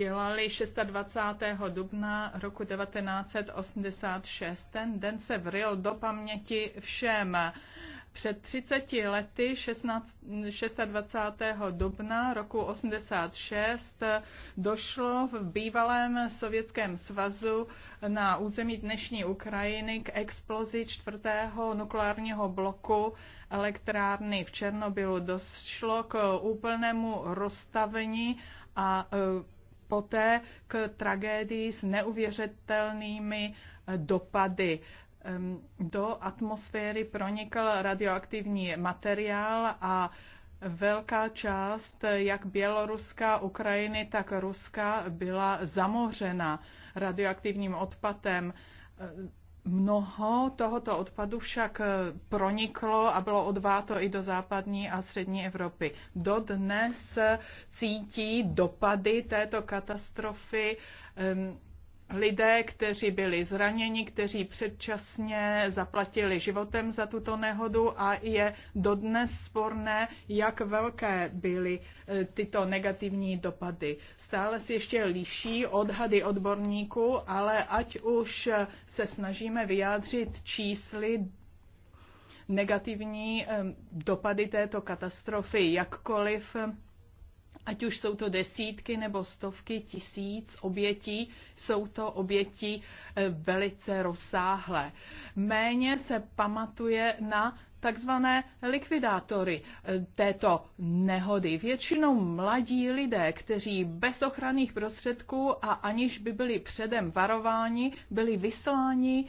dělali 26. dubna roku 1986. Ten den se vril do paměti všem. Před 30 lety 16, 26. dubna roku 86 došlo v bývalém Sovětském svazu na území dnešní Ukrajiny k explozi čtvrtého nukleárního bloku elektrárny v Černobylu. Došlo k úplnému rozstavení a e, poté k tragédii s neuvěřitelnými eh, dopady. Do atmosféry pronikl radioaktivní materiál a velká část eh, jak běloruská Ukrajiny, tak Ruska byla zamořena radioaktivním odpadem eh, Mnoho tohoto odpadu však eh, proniklo a bylo odváto i do západní a střední Evropy. Dodnes eh, cítí dopady této katastrofy ehm, lidé, kteří byli zraněni, kteří předčasně zaplatili životem za tuto nehodu a je dodnes sporné, jak velké byly e, tyto negativní dopady. Stále se ještě liší odhady odborníků, ale ať už se snažíme vyjádřit čísly, negativní e, dopady této katastrofy jakkoliv ať už jsou to desítky nebo stovky tisíc obětí, jsou to oběti eh, velice rozsáhlé. Méně se pamatuje na takzvané likvidátory eh, této nehody. Většinou mladí lidé, kteří bez ochranných prostředků a aniž by byli předem varováni, byli vysláni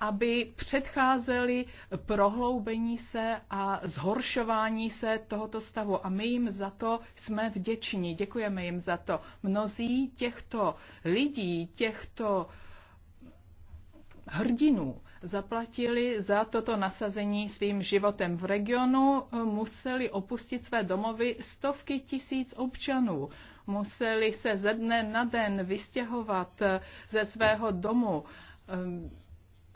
aby předcházeli prohloubení se a zhoršování se tohoto stavu. A my jim za to jsme vděční, děkujeme jim za to. Mnozí těchto lidí, těchto hrdinů zaplatili za toto nasazení svým životem. V regionu museli opustit své domovy stovky tisíc občanů. Museli se ze dne na den vystěhovat ze svého domu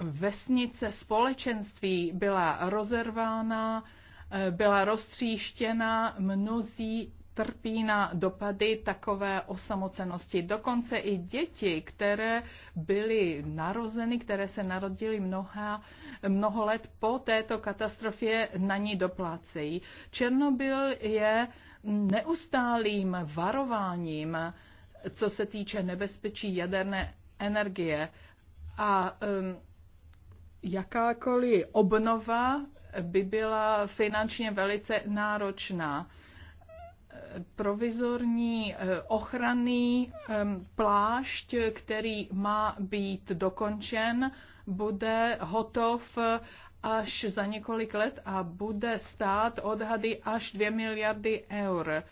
vesnice, společenství byla rozervána, eh, byla roztříštěna, mnozí trpí na dopady takové osamocenosti. Dokonce i děti, které byly narozeny, které se narodily mnoha, mnoho let po této katastrofě, na ní doplácejí. Černobyl je neustálým varováním, co se týče nebezpečí jaderné energie. A um, jakákoliv obnova by byla finančně velice náročná. Provizorní eh, ochranný ehm, plášť, který má být dokončen, bude hotov eh, až za několik let a bude stát odhady až 2 miliardy eur.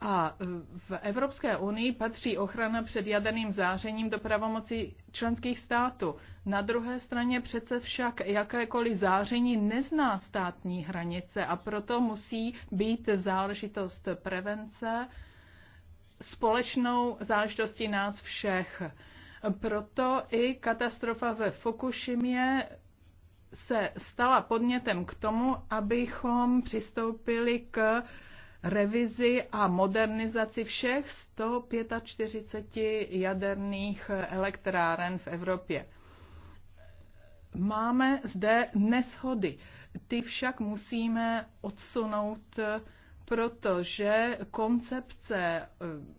A e, v Evropské unii patří ochrana před jaderným zářením do pravomoci členských států. Na druhé straně přece však jakékoliv záření nezná státní hranice a proto musí být záležitost prevence společnou záležitostí nás všech. Proto i katastrofa ve Fukushimě se stala podnětem k tomu, abychom přistoupili k revizi a modernizaci všech 145 jaderných elektráren v Evropě. Máme zde neshody. Ty však musíme odsunout, protože koncepce eh,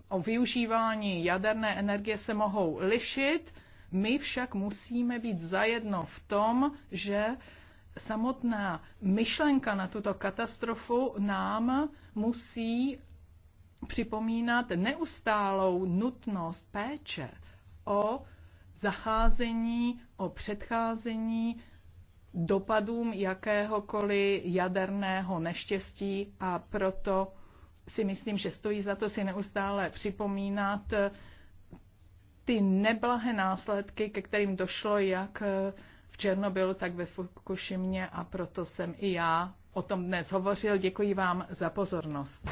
o využívání jaderné energie se mohou lišit. My však musíme být zajedno v tom, že samotná myšlenka na tuto katastrofu nám musí připomínat neustálou nutnost péče o zacházení, o předcházení dopadům jakéhokoliv jaderného neštěstí a proto si myslím, že stojí za to si neustále připomínat ty neblahé následky, ke kterým došlo jak Černobylu, tak ve Fukušimě a proto jsem i já o tom dnes hovořil. Děkuji vám za pozornost.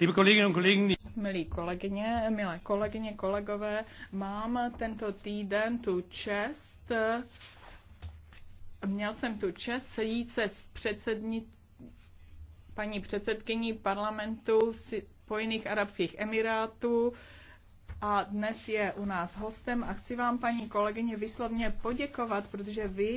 Milí kolegyně, milé kolegyně, kolegové, mám tento týden tu čest, měl jsem tu čest sejít se s předsednictvím paní předsedkyní parlamentu Spojených Arabských Emirátů a dnes je u nás hostem a chci vám, paní kolegyně, vyslovně poděkovat, protože vy